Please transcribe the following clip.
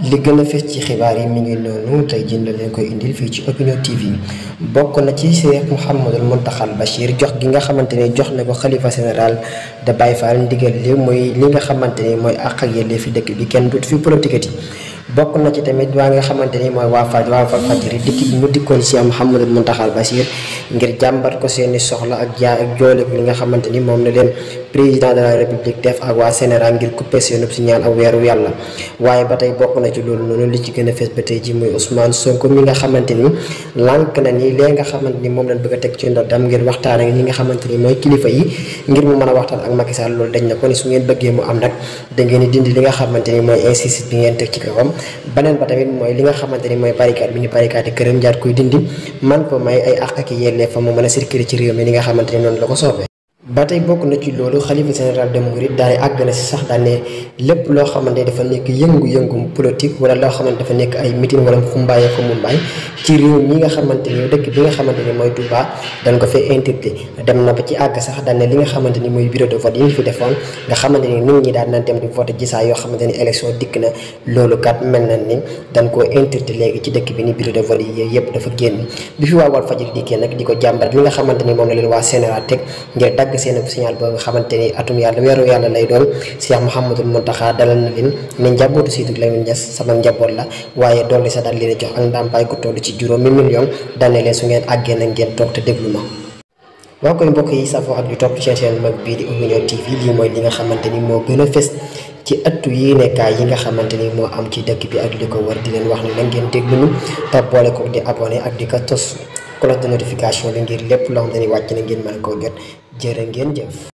li fi ci xibaar yi mi ngi noonu tey jii leen koy indil fii ci Opinion TV bokk na ci Cheikh mohammed al muntakhal bashir jox gi nga xamante ne jox na ko xalifa général de Baye Fall ndigal li mooy li nga xamante ne mooy àq ak yelleef fi dëkk bi kenn dut fi politikati bokk na ci tamit wa nga xamanteni moy wa waa wa fa faj bi mu dikkon ci am Mouhamadou Mountakhal Basir. ngir jambar ko seeni soxla ak jaa ya, ak jole bi nga xamanteni mom la leen de la republique def ak wa senegal ngir coupé seenub ci ñaan ak weeru yalla waye batay tey na ci loolu nonu li ci gëna fess batay ji moy Ousmane Sonko mi nga xamanteni ni na ni le nga xamanteni mom lañ bëgg tek ci ndo dam ngir waxtaan ak ñi nga xamanteni moy kilifa yi ngir mu mëna waxtaan ak Macky Sall dañ na ko ni su ngeen bëggee mu am nak da ngeen di dindi li nga xamanteni moy bi ngeen tek ci kawam beneen ba tamit mooy li nga xamante ni mooy barricade bi ñu barricade këram jaat koy dindi man ko may ay àq ak yelleef fa mu mën a circuler ci réew mi li nga xamante ne noonu la ko soobee ba tey bokk na ci loolu xalifa général de Mouride daal di àgg na si sax daal ne lépp loo xamante dafa nekk yëngu-yëngum politique wala loo xamante dafa nekk ay meeting wala xumbaayee ko mumbaay ci réew mi nga xamante ni dëkk bi nga xamante ni mooy Touba dañ ko fee interdit dem na ba ci àgg sax daal nga xamante ni mooy bureau de vote yi ñu fi defoon nga xamante ni nit ñi daal dem di vote ji saa yoo xamante ni élection dikk na loolu kat mel na ni dañ koo interdit léegi ci dëkk bi ni bureau de vote yi yëpp dafa génn bi fi waa Walfadjri dikkee nag di ko jàmbat li nga xamante ni nekk seen signal ba nga xamante ni atum yàlla weeru yàlla lay doon Cheikh Mouhamadul Mountakha dalal na leen ne njabootu Sidy Lamine Niass sama njaboot la waaye dolli sa daal leen a jox ak ndàmpaay gu toll ci juróomi million dane leen su ngeen àggee na ngeen toog te déglu ma waa yi safoo ak di topp seen seen mag bii di Union TV lii mooy li nga xamante ni moo gën a fës ci ëttu yéenekaay yi nga xamante ni am ci dëkk bi ak li war di leen wax ne na ngeen déglu ñu te ko di abonné ak di ko tos cloche notification bi ngir lépp loo xam ne wàcc na ngeen mën koo jot jërë ngeen jëf